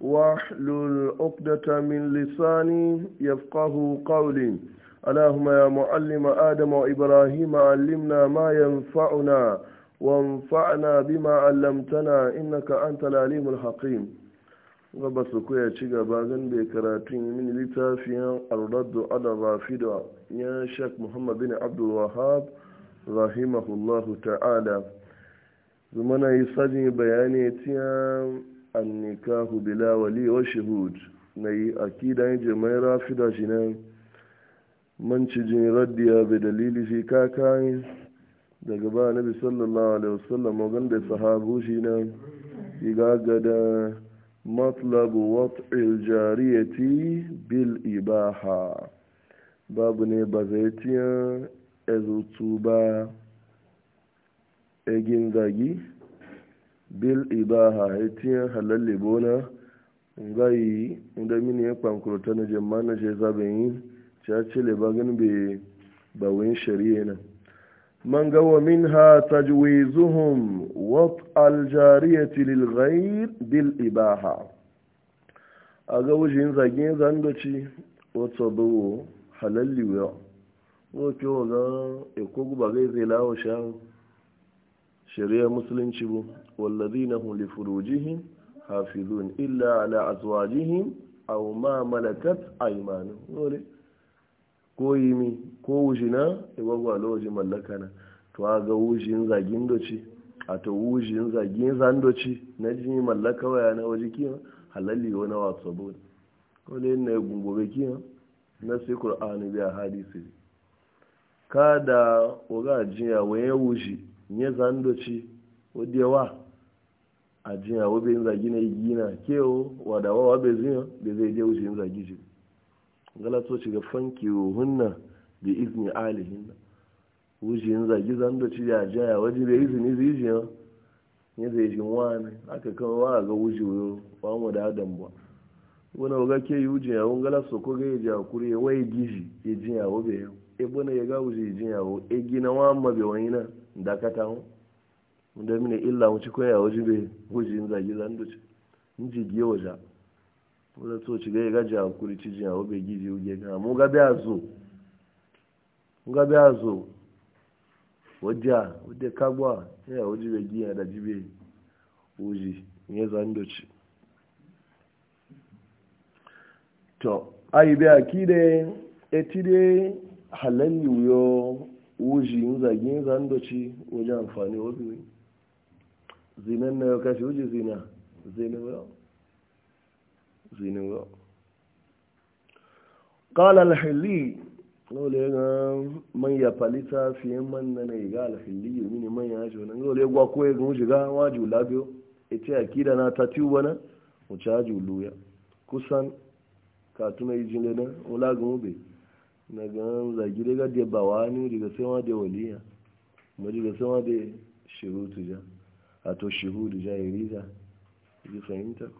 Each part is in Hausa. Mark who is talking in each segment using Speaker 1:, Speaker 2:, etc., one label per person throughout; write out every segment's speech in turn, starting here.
Speaker 1: واحلل عقدة من لساني يفقه قولي اللهم يا معلم آدم وإبراهيم علمنا ما ينفعنا وانفعنا بما علمتنا إنك أنت العليم الحكيم gaba su koya ci gaba gan bai karatun min littafiyan arraddu ala rafida ya shek muhammad bin abdul wahab rahimahullahu ta'ala zumana yi sajin bayani tiyan annikahu bila wali wa shuhud na yi akidan jimai rafida shi nan mancijin raddiya bai dalili shi kakayin daga ba nabi sallallahu alaihi wasallam wajen da sahabu shi nan gada matlabu wat'il jariyati bil ibaha babu ne ba zai tiyan ezutu ba egin zagi bil ibaha haiti halalle bona ngayi inda mini ya ta na jama'a na shi zaben yi cace gani be bawin shari'a na man gawa min ha zuhun wat aljariya tilil gai bil ibaha a ga wujin zagin zandoci wata bawo halalli wa wato wa ga ikogu ba zai zai lawo shari'a musulunci bu والذين هم لفروجهم حافظون إلا على أزواجهم أو ما ملكت أيمانهم ko yi mi ko wujina iwagwa lojin mallaka na to a ga wujin zagin doci a to wujin zagin zandoci na jini mallaka waya na waje kiyan halalli wani wasu abu ko da yin na gungobe kiyan na sai kur'ani biya hadisi kada waga jiya wani wuji ne zandoci wadda yawa ajiya wo be zagi na gina kewo wadawa wa be zina da zai je wuce zagi ji gala to shiga fanki hunna bi izni alihin wuce zagi zan do ci ya jaya waje be izini zijiya ne zai ji wani aka kan wa ga wuce yo ba mu da adam ba wani ga ke yi wuce yawon gala so ko ga ya kuri ya wai gizi ya ji yawo be yau e bona ya ga wuce ya ji yawo e gina wa ma be wani na dakata mu da mini illa mu ci koya waje bai waje in zagi zan duce in ji giye waje wadda so ci gai gaji hankuri ci jiya wabe giji uge ga mu ga biya zo mu ga biya zo a wadda kagwa ya waje bai giya da jibe waje ne zan duce to ayi biya ki da eti dai halalli wuyo wuji in zagi zan duce waje amfani wabe zinan na yau kashi wuji zina zinin yau zinin yau قال الحلي lole ga manya falita fiye man na na iga alhili mini manya ya jona lole ya ko ya gumu shiga waju labiyo ita e akida na ta tiwa na wuce haju luya kusan ka tuna yi jin lena wula ga bai na ga zagi daga dabawa bawa ni daga sai ma da waliya ma daga sai ma da shiru tuja. a to shuhudu jahiriza ji fahimta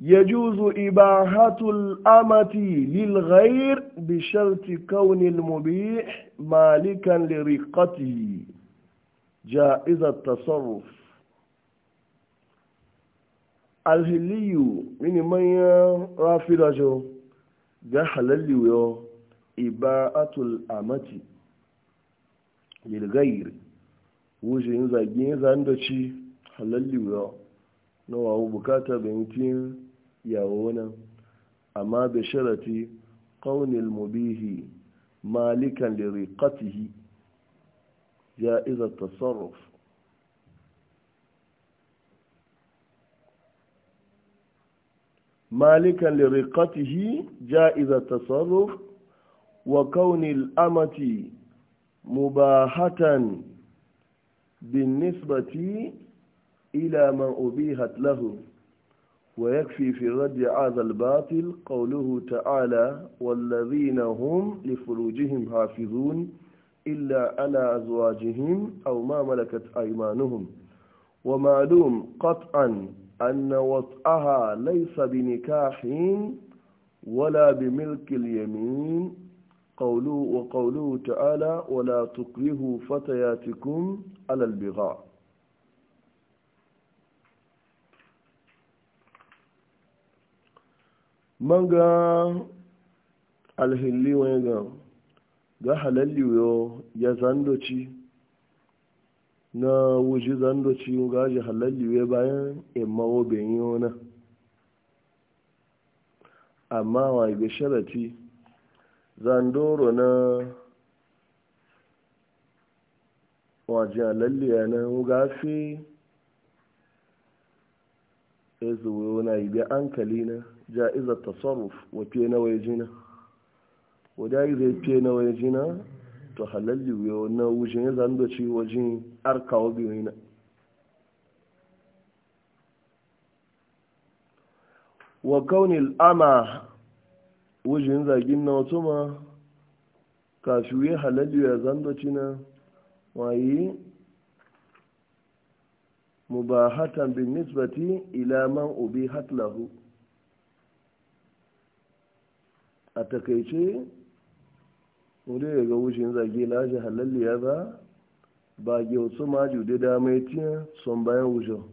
Speaker 1: يجوز إباحة الأمة للغير بشرط كون المبيح مالكا لرقته جائز التصرف الهلي من من رافض جو جحلل إباحة الأمة للغير wuce yin zagi yin zan da ci halalli wuya na wawo bukata yankin yawo nan amma da sharati kaunil mubihi malikan da rikatihi ya iza tasarruf مالكا لرقته جائز التصرف وكون الأمة مباحة بالنسبة إلى ما أبيهت له ويكفي في رد هذا الباطل قوله تعالى والذين هم لفروجهم حافظون إلا على أزواجهم أو ما ملكت أيمانهم ومعلوم قطعا أن وطئها ليس بنكاح ولا بملك اليمين قوله وقوله تعالى ولا تكرهوا فتياتكم على البغاء manga الهلي wanga ga halalli yo ya zandoci na wuji zandoci ga ji halalli we bayan imawo yi na amma wa ga sharati zandoro na wajen lalliya na gafi ya zuwa wana ibe kali na ja'izar tasarruf wa fiye na waje jina wadda yi zai fiye na waje jina, to halalli wuyo na wujen ya zandoci wajen arkawo biyu na wa kaunil ama wujin zagin na wato ma kafi ya halalli ya zandoci na wayi mubahatan bin nisbati ila man ubi hatlahu a takaice wuri ya ga wujin zagi laji halalli ya ba ba ge wasu ma da dama ya son bayan wujo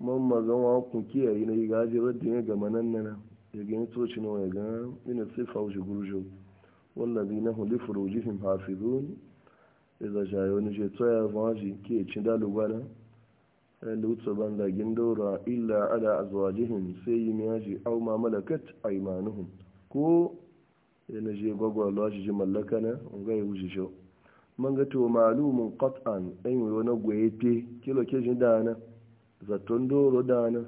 Speaker 1: mamma zama wa kun kiyaye na yi gaji da ya gama nan nan yagin tsoci na wani gan ina tsifa wuce gurjo wallabi na hundi furoji fin hafizu ya zaja ya wani je tsoya ba ji ke cin dalu gwada ya lutsa ban da gindora illa ala azwajihim sai yi miya auma malakat a imanuhun ko ya na je gwagwalwa ji mallaka na ga ya wuce shau man ga to malumun qat'an an yi wani gwaye kilo ke dana zaton doro dana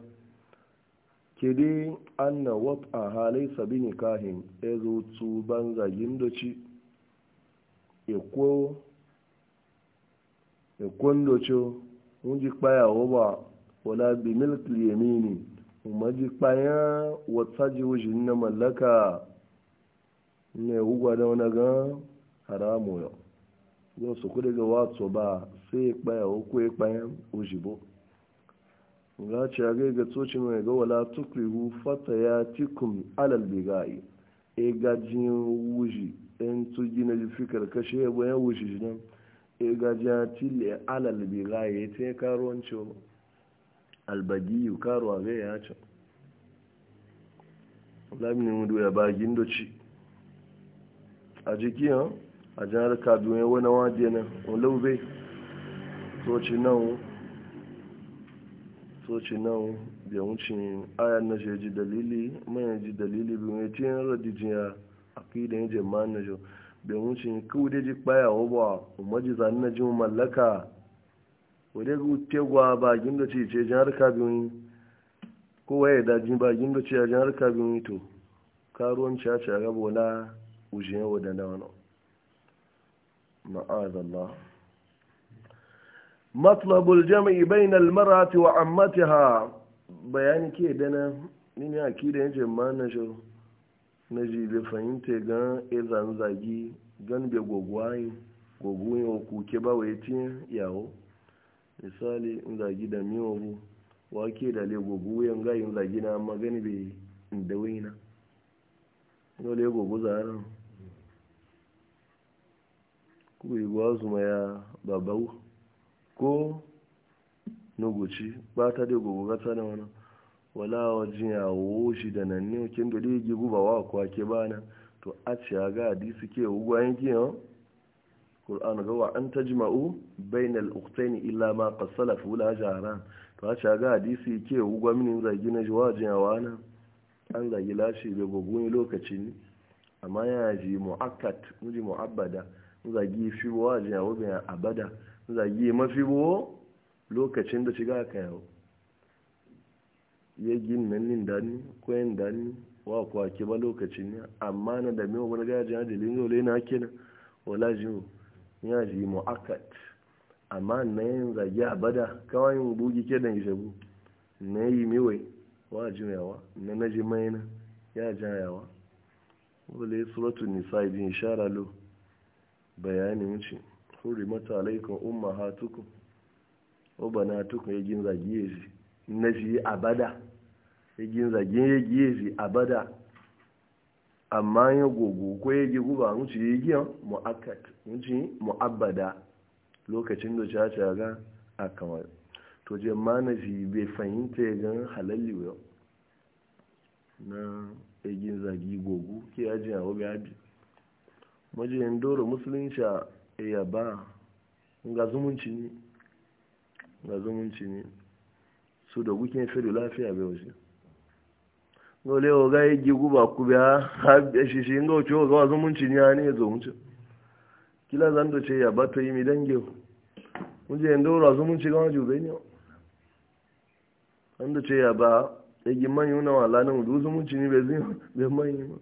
Speaker 1: kedi anna wata halai sabi nikahin ezutu banzagin doci ikon doci wunji kpaya oba wala bi milk yamini umaji kpaya wata jiwuji na mallaka ne ugwa da wani gan haramu yau yau su kudu ga wato ba sai kpaya ko kpaya bu ga ci a ga tsoci mai ga wala tukrihu fata ya tikum alal bigayi e gajin wuji yan tuji na ji fikar ya bayan wuji shi nan e gajin tile alal bigayi e ya ce karuwanci albadiyu karuwa ga ya ce lamini mudu ya bagin doci a jiki a jihar kaduna wani wajen nan olobe tsoci nan soci nan da wucin ayan na shi ji dalili mai ji dalili bi mai tiyan radijin ya akidan ya jama na shi da wucin kawo da ji kpaya wa ba umarji na ji mallaka wadda ku ba gindo ce ce jan daji ba gindo a jan harka bi wani to karuwan ci gaba wala wadanda matlabul jami'i bainal mar'ati wa ammatiha bayani ke dana ni ne akida yace mana shi na ji be fahimta ga izan zagi gan be gogwai gogun yau kuke ba wai tin yawo misali in zagi da miyo bu wake da le gogu yan ga yin zagi na magani be inda waina no le gogu zaran ku yi gwazu ma ya babawu ko nuguci ba ta dai gogo gata da wani wala wajen yawo shi da nan ne kin da dai guba wa kwa ke bana to a ce ga hadisi ke ugwa yanki yau Qur'an ga wa an tajma'u bainal ukhtayn illa ma qad salaf wala jara to a ce ga hadisi ke ugwa min zagi na wajen yawa na an zagi lashi da lokaci ne? amma ya ji mu muji mu'abbada zagi fi wajen yawo bayan abada zagi mafi buwo lokacin da shiga ka yau ya gin nan nin dani ko yin dani wa kuwa ke ba lokacin ya amma na da mewa wani gaji na dalilin yau lai na ake na wala ji ya ji akat amma na yin zagi a bada kawai yin bugi ke dan isabu na yi mewa wa ji yawa na na ji mai na ya ja yawa wale suratul nisa ibi shara lo bayanin wuce hurrimat alaikum ummahatukum hatuku obana tukun gin zagiye zi na shi abada ya zagin ya giye abada amma ya gogo ko ya gi guba mun ci yi giyan mu'akkat mun ci mu'abbada lokacin da ta ta ga akamar to je mana shi bai fahimta ya gan halalli yau na egin zagi gogo ke ji a wabi abi majiyan doro musulunci ya ba ga zumunci ne ga zumunci ne su da gukin fedu lafiya bai wasu gole o ga yi guba ku biya haɗe shi shi ga wuce ga zumunci ne ya ne zumunci kila zan doce ya ba to yi mi dange muje yin dora zumunci ga wajen bai ne zan doce ya ba ya gi manyan wala na wudu zumunci ne bai zai manyan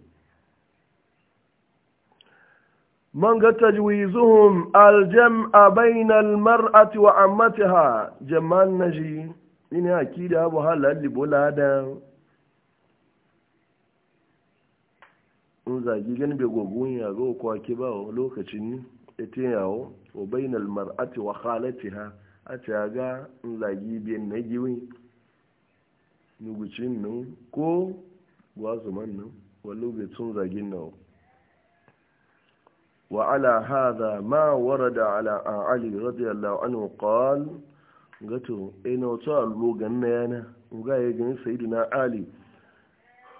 Speaker 1: من تجويزهم الجمع بين المرأة وعمتها جمال نجي إن أكيد أبو هلا اللي بولادا in zagi gani bai gwagun ya ga kwaki ba lokacin ita yawo wa bainal mar'ati wa a ta ga in zagi biyan na giwi nugucin nan ko gwazuman nan wallo bai tun zagin nawa وعلى هذا ما ورد على علي رضي الله عنه قال gato ina to allo ganna yana ga ya gani sayyidina ali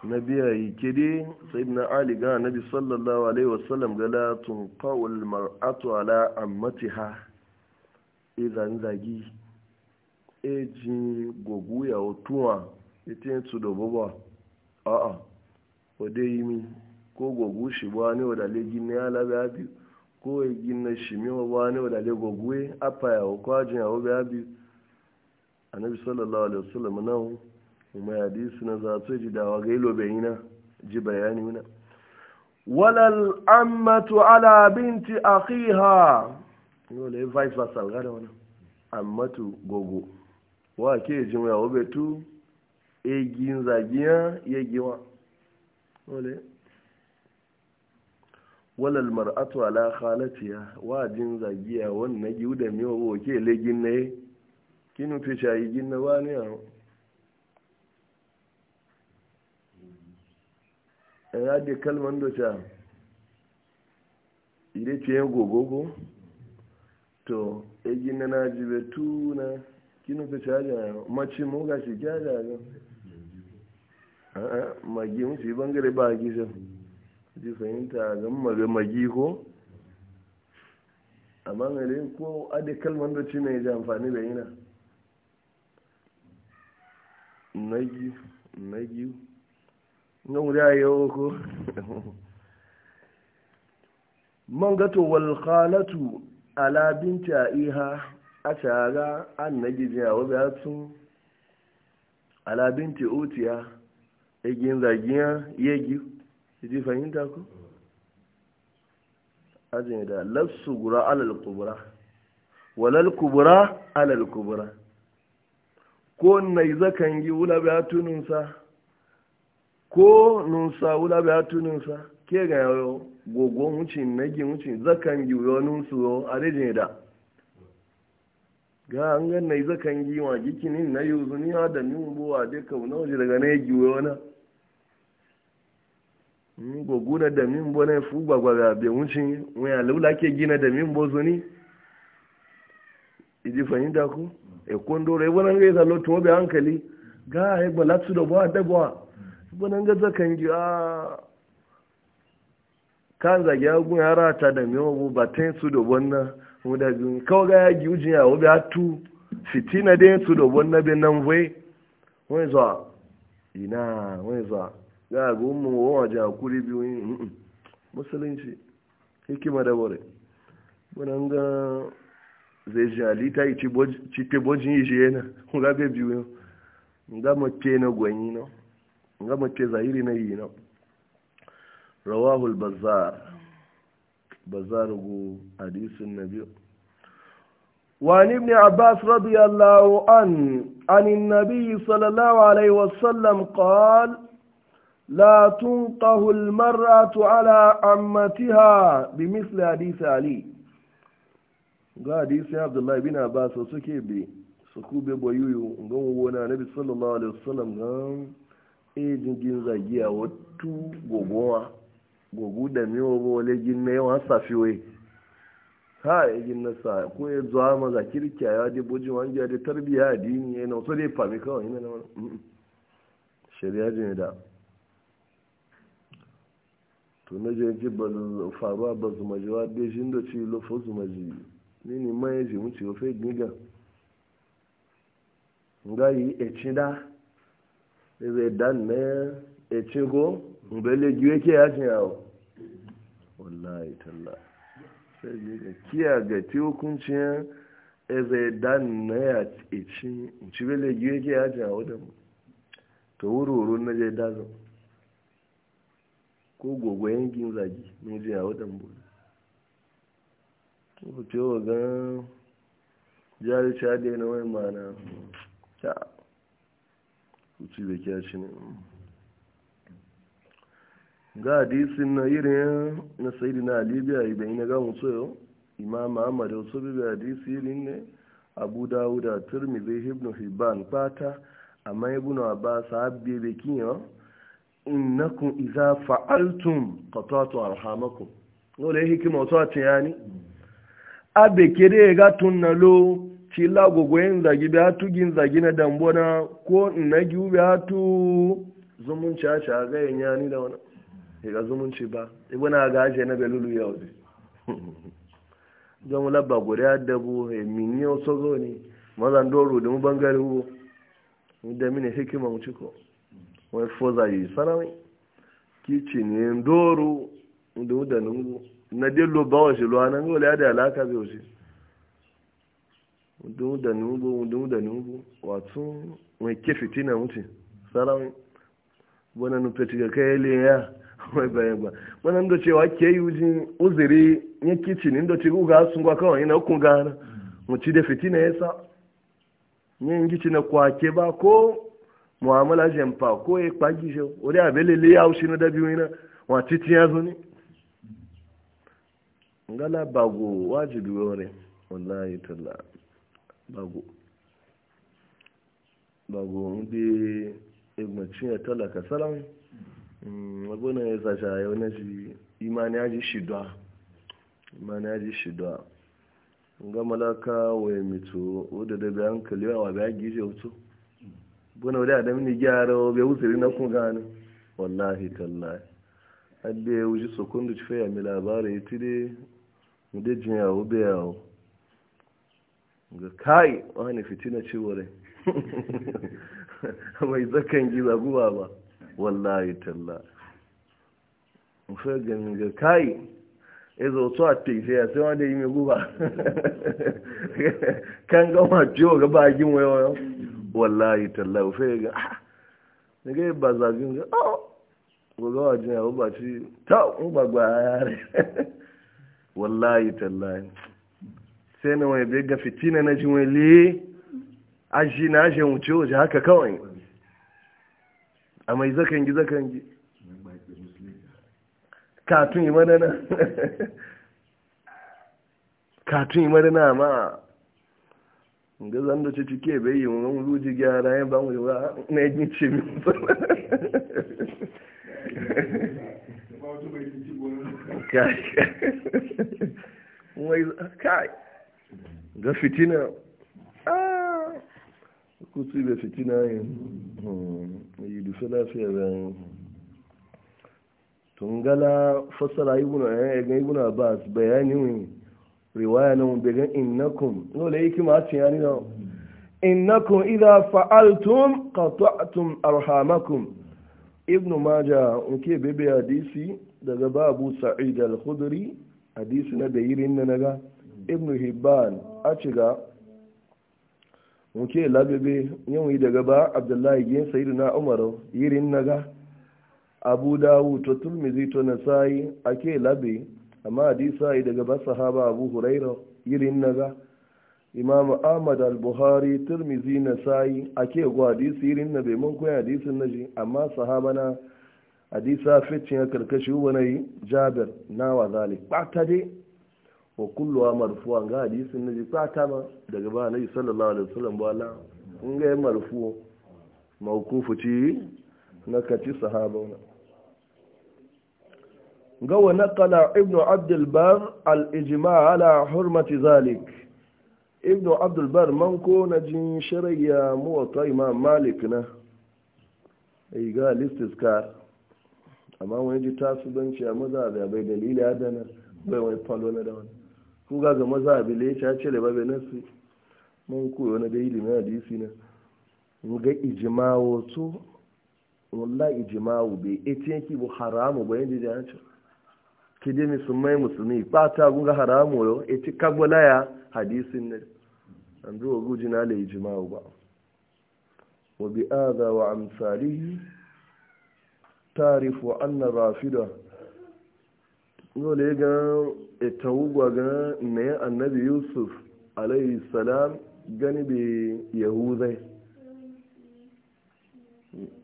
Speaker 1: nabiya yi kidi sayyidina ali ga nabi sallallahu alaihi wasallam ga la tunqawul mar'atu ala ammatiha idan zagi eji gogu ya otuwa ite su do bobo a a o de yimi ko gogu shi ba ne wadda le gina ya labe abi ko ya e gina shi mewa ba ne wadda le gogu ya e, apa ya wa kwajin ya wabe abi annabi sallallahu alaihi wasallam nan kuma e hadisi na za su ji dawa ga ilo bayina ji bayani wuna walal ammatu ala binti akhiha yau da ya vice versa gada wani ammatu gogo wa ke jin ya wabe tu egin zagiya ya giwa Olé. walal mar'atu ala khalatiha jin zagiya wannan da mi wo ke le ginne kinu fi shayi ginne wani a eh, ya de kalman do cha ire ce gogogo to e ginne na jibe tuna kinu fi shayi machi mu ga shi ga ga a a magi mu shi bangare ba gisa ji fahimta gan magamagi ko amma mai da ko ade kalmar da ci mai ji amfani da yana nagi nagi nga wuri a yau ko man gato walhalatu alabin ta iha a tara an nagi jiya wa ba sun ala ta otiya egin zagiya yegi ji fahimta ku ajin da lafsu gura alal kubura walal kubura alal kubura ko nai zakan yi wula bai tununsa ko nunsa wula bai tununsa ke ga gogon wucin nagi wucin zakan yi wa nunsu yau a rejin da ga an gan nai zakan yi wa gikinin na zuniya da nubuwa buwa duka wani daga na yi na Ni guna da min bo ne fu gbagba da be wuci mun ya lula ke gina da min bo zoni idi fahimta ku e kondo re wannan ga zalo to be hankali ga ai balatu da ba da bo wannan ga kan gi a kan zage agun yara ta da mi obu batin su da bonna mu da gun ko ga ya gi ujin ya obi atu fitina den su da bonna be nan voye wai zo ina wai zo ga ga umman wawa jakuri biyu yin mm, mm, mm. musulunci hikima da wuri. munan ga zai jali ta yi cikin bojin yi shi yana ga biyu yin ga mace na gwanyi na ga mace zahiri na yi na rawahul bazar bazar gu hadisin na biyu وعن ابن عباس رضي الله عنه عن النبي صلى الله عليه وسلم قال لا تنقه المرأة على عمتها بمثل حديث علي ga hadisi abdullahi bin abbas suke bi su kube boyuyu ga wona nabi sallallahu alaihi wasallam ga e jingin zagiya wattu gogowa gogu da miwo bo le ginne yawa safiwe ha e ginne sa ko e zuwa maza kirkiya ya de boji wanja de tarbiya dini ne no so de fami kawai ina na shari'a ne da to na je ji ba faruwa ba zuma jiwa da shi da ci lofo ji ni ni ma ji mu ci o fe giga nga yi eci da ebe dan ne eci go mbele giwe ke ya cin yawo wallahi talla sai giga kiya ga ti hukuncin ebe dan ne ya eci ci le giwe ke ya cin yawo da mu to wuri-wuri na je dazan ko gogo yankin zagi ne zai a wadan buru ko ce wa gan jari ta da wani mana ta kuci da kya shi ne ga hadisin na irin na sayidi na alibiya ibe ina ga mutu yau imam ahmad wasu bibi hadisi irin ne abu dawuda turmi zai hibnu hibban fata amma ibn abbas abbe bekin yau innakum idza fa'altum qatatu arhamakum wala hikima wato a yani abe kere ga tunnalo ci lagogo yin zagi bi hatu gin zagi na dambona ko na giwu bi hatu zumunci a shaga yin yani da wani e ga zumunci ba ibi e na ga ashe na belulu ya wuce don labba adabu ya e min yau sozo ne mazan doro da mu bangare wo da mini hikima mu ciko wani foza yi sarawai kici ne ndoro da wudanin na dillo ba wa shi luwa nan wale ya da alaka zai wuce wudun wudanin ubu wudun wudanin ubu wato mai ke fitina mutu sarawai wani nufe tiga kai le ya wai bayan ba wani ndo cewa ke yi wujin uziri ya kici ne ndo tiga ga sun gwa kawai yana hukun gana mutu da fitina ya sa yin gici na kwake ba ko mu'amala jempa ko e kpagi jo ori abele le yawo sinu da biwi na wa titi ya zuni ngala bago wajibi wore wallahi talla bago bago ndi egmacin ya talaka salam mm, abuna ya sasha yau na shi imani ya ji shidwa imani ya ji shidwa ga malaka wa ya mito wadda da bayan kalewa wa bayan gizo ya wuto buna wadda da mini gyara bai wuzuri na kun gani wallahi tallahi hadda ya wuce sokundu ci faya mai labari ya ti dai da jin yawo bai yawo ga kai wani fitina ce rai mai zakan giza guba ba wallahi tallahi fẹ́ gẹ̀mìgẹ̀ káì ẹzọ tó àti ìfẹ́ àti wọ́n dé yìí mi gúbà káńgá wọn àti ọ̀gá bá yí wọn wayo wallahi tallahi fe ga ah, ne ga ba zagin ga oh goga wajen ya ba ci ta un gbagba yare wallahi tallahi sai na wani bai ga fitina na jin wani aji na aji wuce wuce haka kawai a mai zakangi zakangi katun yi madana katun yi madana ma ga zan da ci cike bai yi mun ruji gyara ya ba mu wa na yi ce min kai ga fitina ah. kusur da fitina yin hmm. yi dufe lafiya Tun tungala fasara ibuna eh, ya ga ibuna bayani bayanin riwaya nan daga innakum dole yake ma cin yani nan innakum idza fa'altum arhamakun. arhamakum ibn majah ke bebe hadisi daga babu sa'id al-khudri hadisi na bayirin na naga ibn hibban a ciga unke labebe yi daga ba abdullahi yin na umar yirin naga abu dawu to tulmizi to nasai ake labe amma hadisa daga ba sahaba abu huraira irin naga imam ahmad al-buhari turmizi na sayi ake gwa hadisi irin na bai munkun koya hadisin na ji amma sahaba na hadisa fitin ya karkashi wani jabir na wa zali bata dai wa kulluwa marfuwa ga hadisin na ji ɓata ma daga ba na yi sallallahu alaihi wasallam bala in ga marfu mawkufu ci na kaci sahaba wannan gawa نقل ابن عبد البر الإجماع على حرمة ذلك ابن عبد البر منكو نجين شريا موطا إمام مالكنا أي قال استذكار amma wani ji tasibanci a a bai dalili adana bai wani falo na dawan ku ga ga mazaɓe le ya ce da babe nasu mun koyo wani dalili na hadisi na ga ijimawo to wallahi ijimawo bai ita yake bu haramu bayan da sun musulmai musulmi ba ta gunga haramu yo eti kagbala ya hadisun ne an zuwa guji na la ijma'u ba wa bi adha wa amsari tarifu anna rafida dole ga wugwa ga ne annabi yusuf alayhi salam gani bi yahudai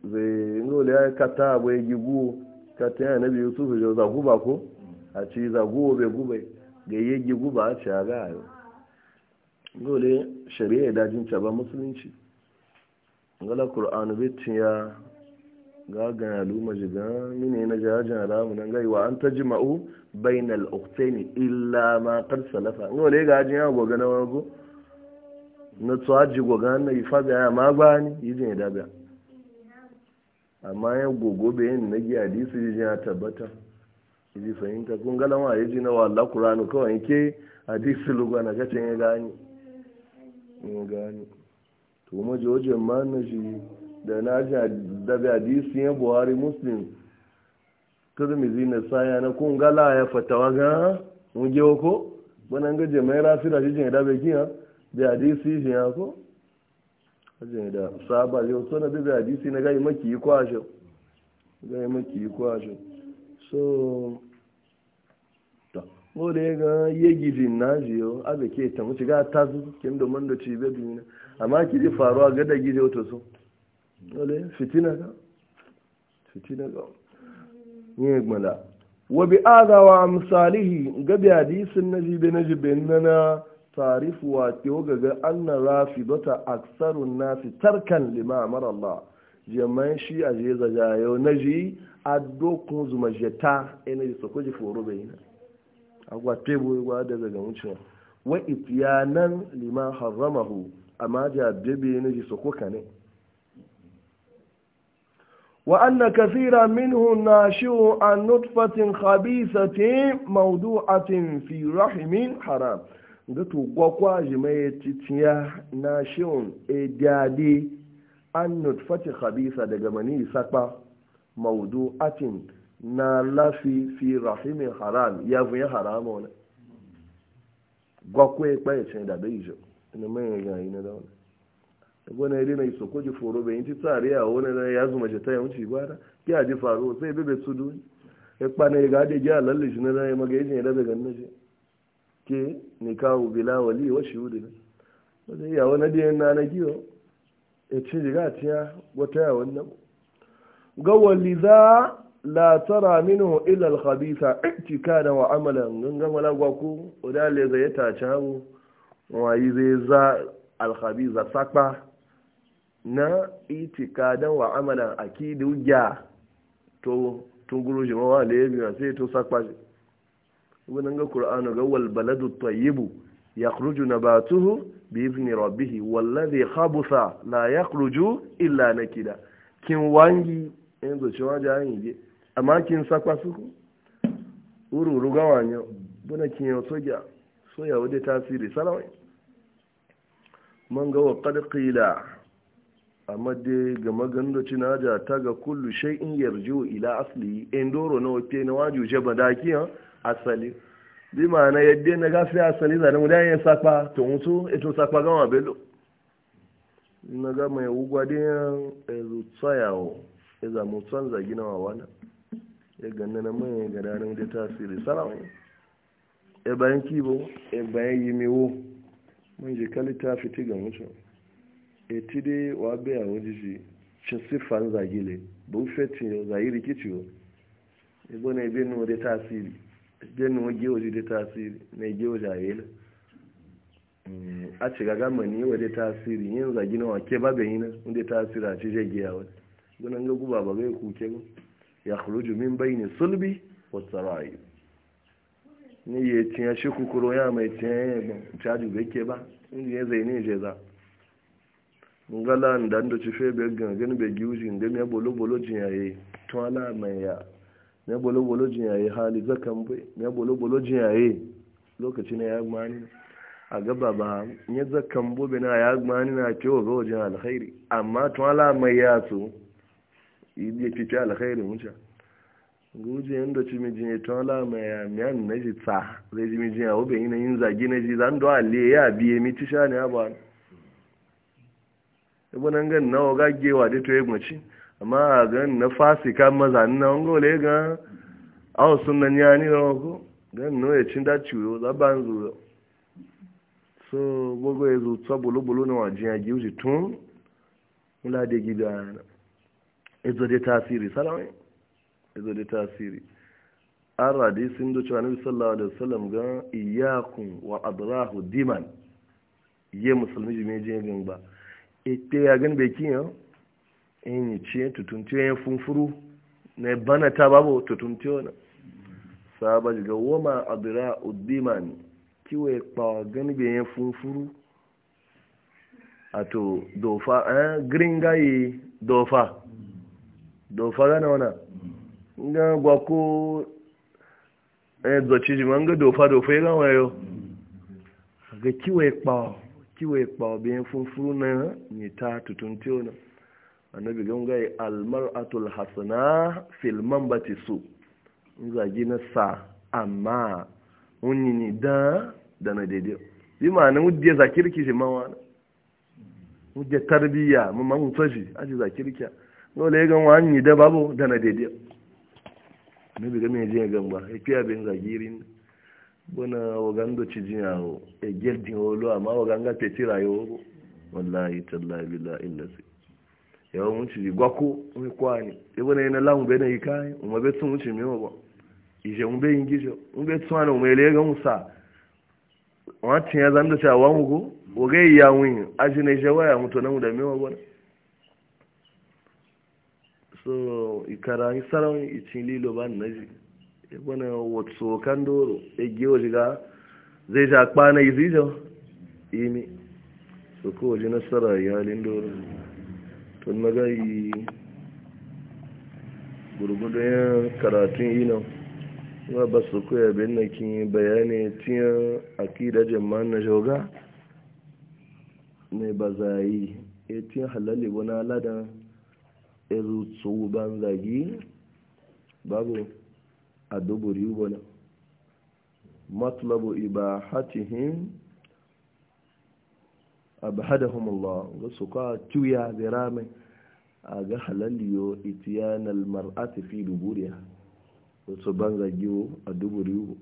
Speaker 1: zai dole ya kata ya gigu kata annabi yusuf ya zaku ba ku. a za gobe gube ga yegi guba a ciya ga yau dole shari'a ya dajin ba musulunci gala ƙur'anu bitin ya gagana luma jiga mini na jajen alamu nan gaiwa an ta jima'u bainal oktani illa ma kar salafa dole ga ajin ya goga na wago na tsaji goga na yi da ya ma bani yi jin daga amma ya gogo bayan na giya disi jijin ya tabbata ji fahimta kun ga lamar ya ji na wallah kuranu kawai ke hadisi lugana ga can ya gani ya gani to majojin ma na shi da na ji da hadisi ya buhari muslim turmizi na saya na kun ga la ya fatawa ga mun je ko bana ga je mai rafi da shi jin da bai kiya da hadisi shi ya ko ajin da saba yau sona na bi hadisi na ga maki yi asho ga maki ko asho so to wole ga yegi na naji a abe ke ta mu shiga ta zu do man do ci be duniya amma ki ji faruwa ga da gije so wole fitina ga fitina ga ni gbada wa bi adha wa amsalihi ga bi hadisin naji be na na nana tarifu wa tiyo ga ga rafi bata aksarun nasi tarkan lima a Allah jaman shi a je zaja yau na ji a dokun zuma jeta ina eh, ji sako ji foro bai na agwa tebo igwa da daga wucewa wa itiyanan liman haramahu amma ja bebe na ji sako ka ne wa anna kathira minhu nashi'u an nutfatin a mawdu'atin fi rahimin haram gato gwakwa jimai titiya a eh, dade. an nutfati khabisa daga mani sakpa maudu atin na lafi fi rahimi haram ya vuyen haram wani gwakwe kpaye can da bai jo ina ya yayi na da wani wani ya dina iso ji foro bai yi tsari a wani na ya zuma jita ya wuce gwada ki a ji faru sai bebe su duni ya kpana ya gaje gya lalle shi na ya maga yajin ya daga ganin shi ke ni kawo bilawali wali wa shi wudu ne wani yawon na diyan na na giyo e ci riga tiya wata yawon nan gawali za la tara minu illa al khabitha i'tikana wa amalan gangan wala gwa ku odale zai ta ci hamu wayi zai za al khabitha sakpa na i'tikadan wa amalan akidu ya to tunguru jima wa lebi sai to sakpa wannan ga qur'anu gawal baladu tayyibu yakhruju nabatuhu bi izni rabbih wallazi khabutha la yakhruju illa nakida kin wangi enzo cewa jayin je amma kin sakwa suku ururu gawanyo buna kin yo soja soya wade tasiri salawai man ga wa qad qila amma dai ga magandocin haja ta ga kullu shay'in yarju ila asli endoro na wafe na waju je badaki asali bí màá na dé na gáfẹ asẹlẹ ìlànà wọn dáhùn yẹn sapa tòun tó ètò sapa gáwọn àbẹ lò naga mai wugwade ẹrù tsayawo ẹzà mú tsanza gina wa wani ya ganna na mai gada na wajen tasiri salamu ya kibo ya yi mewo mun je kali ta fiti ga mutum ya ti dai wa biya wajen shi cin siffan zagile bu fetin yau zahiri kiciyo ya bane bin wajen tasiri don waje waje da tasiri mai je waje a yi ga gama ni yin zagi na wake ba ga yi na wanda tasiri a ce shege ya wani gunan ga guba ba bai kuke ya kuruju min bai sulbi ni ya ci ya shi kukuro ya mai ci ya yi caju ke ba inda ya zai ne je za ngala fe be be ya bolo bolo ya e, ne bolo-bolo jin yayi hali zakan bai ne bolo-bolo jin yayi lokaci na ya gmani a gaba ba ne zakan bobe na ya gmani na kewa ga wajen alkhairi amma tun ala mai ya so ya fiti alkhairi mucha guje yadda ci mijin ya tun ala mai ya miyan na ji tsa zai ji mijin ya obe ina yin zagi na ji zan doa le ya biye mi sha ne abuwa ibi nan gan nawa gagewa da to ya e gmaci amma gan na fasika mazanin na wango le ga aw sunna nyani ro ko gan no e chinda chiwo za banzu so bogo e zu tsa bulu bulu na wajin ya giuji tun mula de gida e zo de tasiri salawai e zo de tasiri an radi sun da cewa nabi sallallahu alaihi wasallam ga iyakun wa adrahu diman ye musulmi jime je gan ba ite e, ya gan be kiyo enyi ciye tutuntiyo ya funfuru na bana ta babu tutuntiyo na saba daga woma abira uddiman kiwe pa gani be ya funfuru ato dofa eh green guy dofa dofa gana wana nga gwako eh zochi jimanga dofa doofa ga wayo ga kiwe pa kiwe pa be ya funfuru na ni ta tutuntiyo na annabi gangaye almar'atul hasana fil manbati su zagi na sa amma wani ni da da na daidai bi ma'ana mudde za kirki shi mawa ya tarbiyya mu ma mutsa shi aji za kirki dole ya gan wani da babu da na daidai annabi ga mai jiya gan ba ya fiya bin zagirin bana wagando ci jiyawo e gerdin wolo amma waganga yi tirayo wallahi tallahi billahi illa yawon wuce yi gwako mai kwani ibi na yi na lamu bai na yi kayan umar bai tun wuce mai ba ije mu bai yin gijo mu bai tun wani umar lega musa ya zanda cewa mu go wunyi aji na ije waya mutu na muda mai so ikara yi icin lilo ba na ji na wato kan doro egi zai ja kpana imi so nasara tun na gurgudun karatun yi nan basu ba su koya binnakin bayani tiyan akida jama'an na shoga ne ba za yi e ya tiyan halalli wani aladan iru tsoban zagi babu a duburi wani matlabu ibahatihim abhadahumullah ga su ka tuya da a ga halalliyo itiyanal mar'ati fi duburiya wasu banga giwo a duburiyu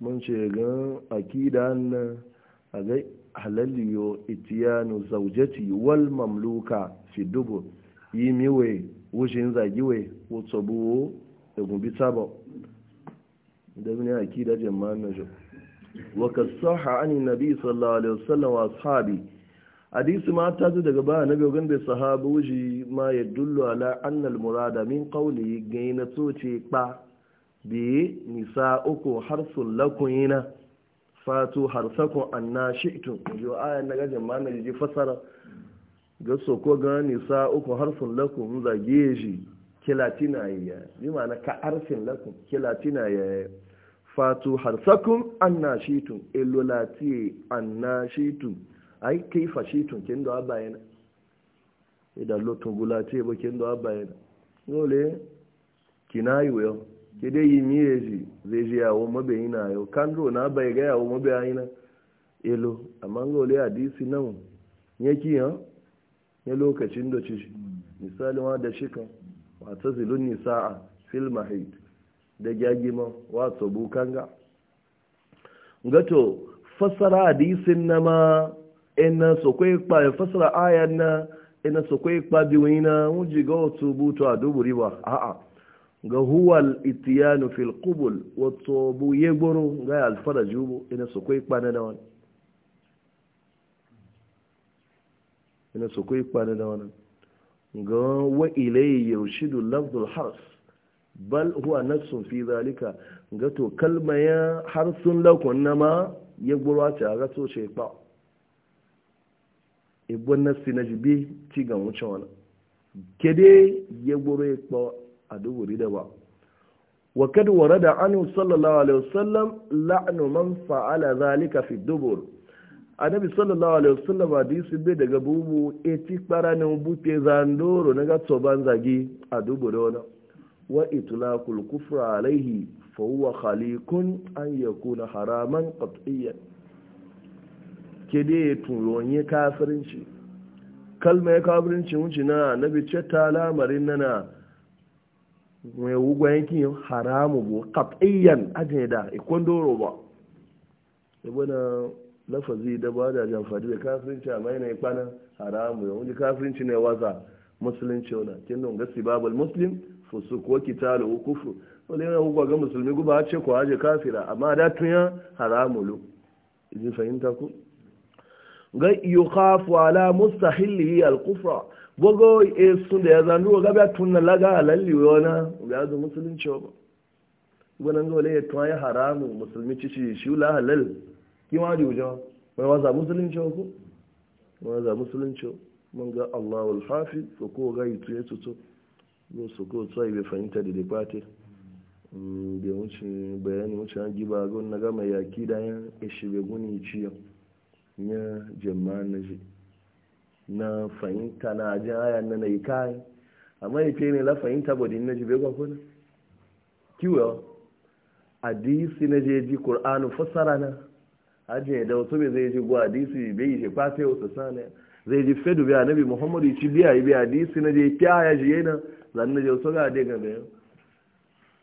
Speaker 1: mun ce gan akida na a ga halalliyo itiyanu zaujati wal mamluka fi dubur yi miwe wushin zagiwe wasu buwo da gubi saba da mini akida jama'a na وقد صح عن النبي صلى الله عليه وسلم hadisi ma ta zo daga ba nabi ogan da sahaba wuji ma ya yadullu ala anna al-murada min qawli gaina toce pa bi nisa'ukum harsul lakuna fatu harsakum anna shi'tum yo na naga ma na ji fasara ga ko ga nisa'ukum harsul lakum zage shi kilatina ya bi ma'ana ka arsin lakum kilatina ya fatu harsakum anna shitun elolati anna shitun ai kaifa shitun kin do abayana idan lotun bulati bo kin do abayana ngole kinayi wo ke dai yi miyezi zai je yawo mabayina yo kando na bai ga mabe mabayina elo amma ngole hadisi nan yake ya ya lokacin da ci misali wa da shika wa tazilun nisaa fil mahid da gyagima wato bukanga gato fasara hadisin na ma ina so kwai kpa fasara ayan na ina so kwai kpa biwin na ga otu buto a dubu riba a'a ga huwal itiyanu fil qubul wato bu yegboro ga alfara jubu ina so kwai kpa na da ina so kwai kpa na da ga wa ilayhi yurshidu lafdul harf bal huwa nafsun fi zalika ga to kalma ya har sun lakon nama ma ya gburwa ta ga to ce ba ibon e nafsi na jibi ci ga wuce wani kede ya gburo ya kpa a dubu da ba wa kad warada anhu sallallahu alaihi wasallam la'nu man fa'ala zalika fi dubur annabi sallallahu alaihi wasallam hadisi bai daga bubu eti ti kpara ne zandoro na ga to banzagi a dubur wani wa itlaqul kufra alayhi fa huwa khaliqun an yakuna haraman qat'iyyan kede kafirin kafirinci kalma ya kafirinci wuce na nabi ce ta lamarin nana mai wugwa yankin haramu bu qat'iyyan ajin da ikon doro ba ibana lafazi da ba da jamfani da kafirinci amma yana ikwana haramu ya kafirin kafirinci ne wasa musulunci wani kin nan gasi babal muslim fusuku wa kitalu wa kufru wani yana kuka ga musulmi guba a ce ko haje kafira amma da tunya haramu lu izin fahimta ku ga yukhafu ala mustahili al-kufra bogo e sun da ya zandu ga ba tunna laga alalli wona ga zu musulunci ba wannan ga wala ya tunya haramu musulmi ci ci shi la halal ki ma di ujo wani waza musulunci ko wani waza musulunci mun ga allahul al-hafiz ko ga yitu ya tuto su ko tsaye bai fahimta da dipati mm, da wuce bayani wuce an giba gon na gama yaki da yan ishibe guni ciyo ya na ji na fahimta na ajin ayan na na yi amma ne la fahimta na ji bai kiwo hadisi na je ji fassara na da wasu bai zai ji gwa hadisi bai yi zai ji fedu bai annabi muhammadu ci biya yi bai hadisi na je ya ji yana zan na jauso ga de gabe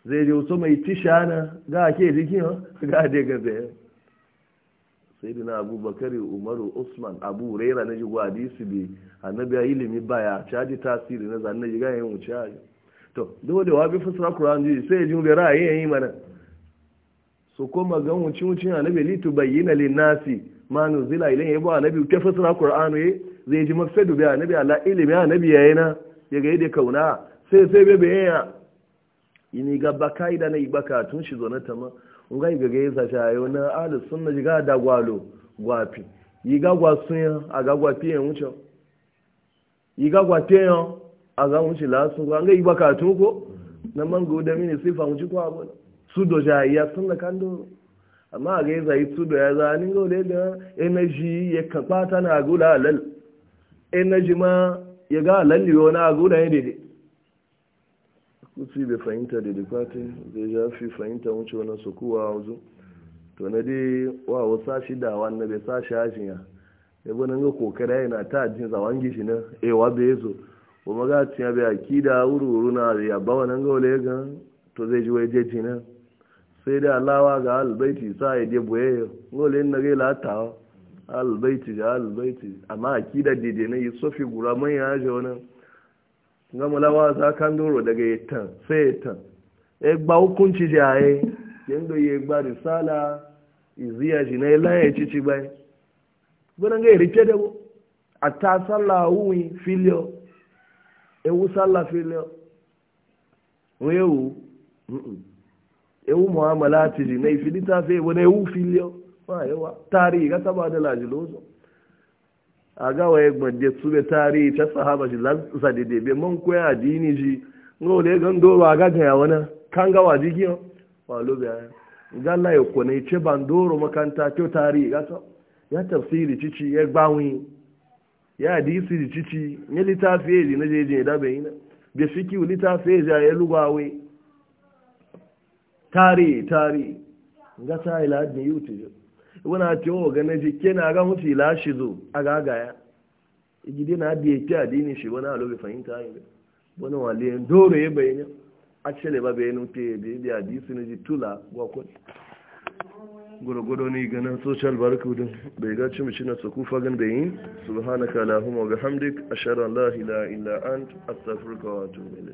Speaker 1: zai so mai tishana ga ke jikin ga de gabe sai dina abubakar umaru usman abu raira na ji gwadi su bi annabi ilimi baya caji tasiri na zan na ga yin wuce to dole wa bi fasara qur'an ji sai ji da ra'ayi yayi mana su kuma ga wuce na annabi li tubayyana lin nasi ma nuzila ilayhi yabo annabi ta fasara qur'an zai ji mafsadu bi annabi ala ilimi annabi yayi na yaga yadda kauna sai sai bebe yaya ini ga baka idan na baka tun shi zo na tama un ga igaga yasa sha yo na alu sunna jiga da gwalo gwapi yiga gwasun ya aga gwapi yan wucho yiga gwate yan aga wuce lasu ga yi baka tun ko na mangu da mini sifa wuce ko abu su do ja ya sunna kan do amma ga yasa yi su do ya za ni ga da energy ya kapata na gula lal energy ma ya ga lalli wani agu da ya daidai mutu be fahimta da dikwatin zai ja fi fahimta wuce wani su kuwa wazu to na dai wa wasa shi da wannan bai sa shi hajin ya ya bi nan ga kokara yana ta jin zawon gishi na ewa eh, bai zo ba maga tiya bai akida wuri-wuri na ya ba wannan ga wale ga to zai ji wai jeji na sai dai alawa ga albaiti sa ya je boye wale na ga latawa albaiti ga albaiti amma akida daidai na yi sofi gura manya ya ji wannan gama lawa za kan doro daga yatan sai yatan ya e gba hukunci jaye yadda ya gba risala iziya shi na ilayen cici bai gudun ga irike da bu a ta sallah wuyi filiyo ewu sallah filiyo wewu ewu mu'amala ti ji na ifilita fe wani ewu filiyo ma yawa tarihi ga taba da lajilozo a gawa ya gbadde su be tarihi ta sahaba shi lansa dede be man koya addini shi ngo le gan do wa ga ga wana kan ga waji giyo wa lo be ga la yo ko ne che bandoro makanta to tarihi ga to ya tafsiri cici ya gbawi ya hadisi cici ne litafi ne na jeje da be ina be fiki litafi ya lugwawe tarihi tarihi ga ta ila adni yuti wuna ce wa gane shi ke na ga mutu ila shi zo a gagaya gidi na biye yake adini shi wani alo bai fahimta yi wani wale doro ya bayyana a cele ba bayyana ke da ya biya disi na ji tula gwakwai gwargwado ne ganin social barcoding bai ga gaci mace na tsaku fagen da yi subhanaka lahumma bihamdik ashara la ilaha illa ant astaghfiruka wa atubu ilayk